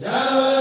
Ja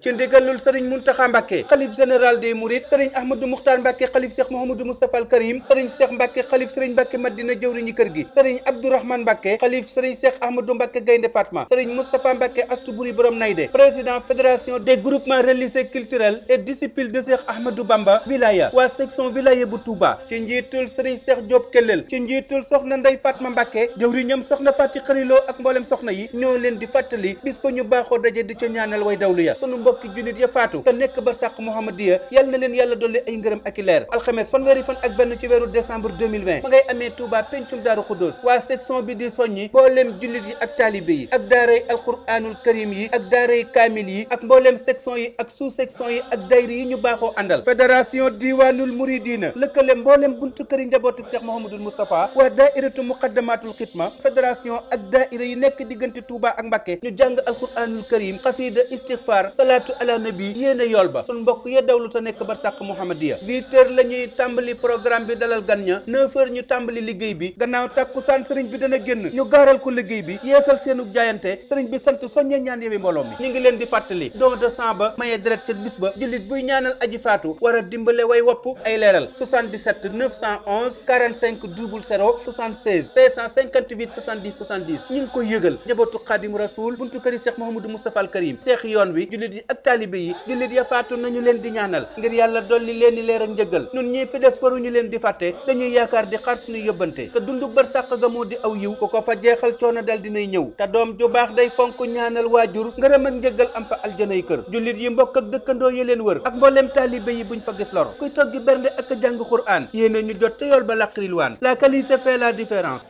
ci ndigalul sëriñ Muntaxa Mbàkke xalif général des Mourides sëriñ Ahmadou Muxtaar Mbàkke xalif Cheikh Mouhamadou Moustapha al Karim sëriñ Cheikh Mbàkke xalif sëriñ Mbàkke Madina jëwriñu kër gi sëriñ Abdourahmane Mbàkke xalif sëriñ Cheikh Ahmadou Mbàkke Gaynde Fatma sëriñ Moustapha Mbàkke Astubuuri borom Nayde président fédération des groupements religieux culturels et disciples de Cheikh Ahmadou Bamba Wilaya waa section Wilaya bu Touba ci njiitul sëriñ Cheikh Diop Kellel ci njiitul soxna Ndey Fatma Mbàkke jëwriñam soxna Fati Xariloo ak mboolem soxna yi ñoo leen di fàttali bis ba ñu baaxoo daje di ca ñaanal way dawlu mbokki jullit ya faatu te nekk bar sàq Muhammadiya yal na leen yàlla dolli ay ngërëm ak i leer alxames fanweeri fan ak benn ci weeru décembre 2020 ma ngay amee Touba pencum Daaru Xuddoos waa section bi di soññi mbooleem jullit yi ak taalibe yi ak daaray alquranul karim yi ak daaray kaamil yi ak mbooleem section yi ak sous section yi ak dayri yi ñu baaxoo àndal fédération diwaanul muridina lëkkale mbooleem buntu këri njabootu Cheikh Mouhamadul Moustapha salaatu a yool ba sun mbokk ya dawlu te nekk bi dalal gan ña neuf heures bi gannaaw tàkkusaan sëriñ bi dana ko liggéey bi bi sant soññe ñaan yewi mbooloo mi ñu ngi leen di fàttali jullit buy ñaanal aji faatu war a dimbale way wopp ay leeral 77 911 45 00 76 658 70 70 ñu ngi ko yëgal njabootu xaadim rasoul buntu këri Cheikh Mouhamadou Moustapha al seex yoon wi jullit ak taalibe yi jullit ya faatu nañu leen di ñaanal ngir yàlla dolli leen i leer ak njëgal nun ñii fi des waruñu leen di fàtte dañuy yaakaar di xar suñu yóbbante te dundu bër sàq ga moo di aw yiw ku ko fa jeexal coono dal dinay ñëw te doom ju baax day fonk ñaanal waajur ngërëm ak njëgal am fa aljanay kër jullit yi mbokk ak dëkkandoo yi leen wër ak mbooleem taalibe yi buñ fa gis loro kuy toggi bernde ak jàng xuraan yéena ñu jot te yool ba laqrilwaan la différence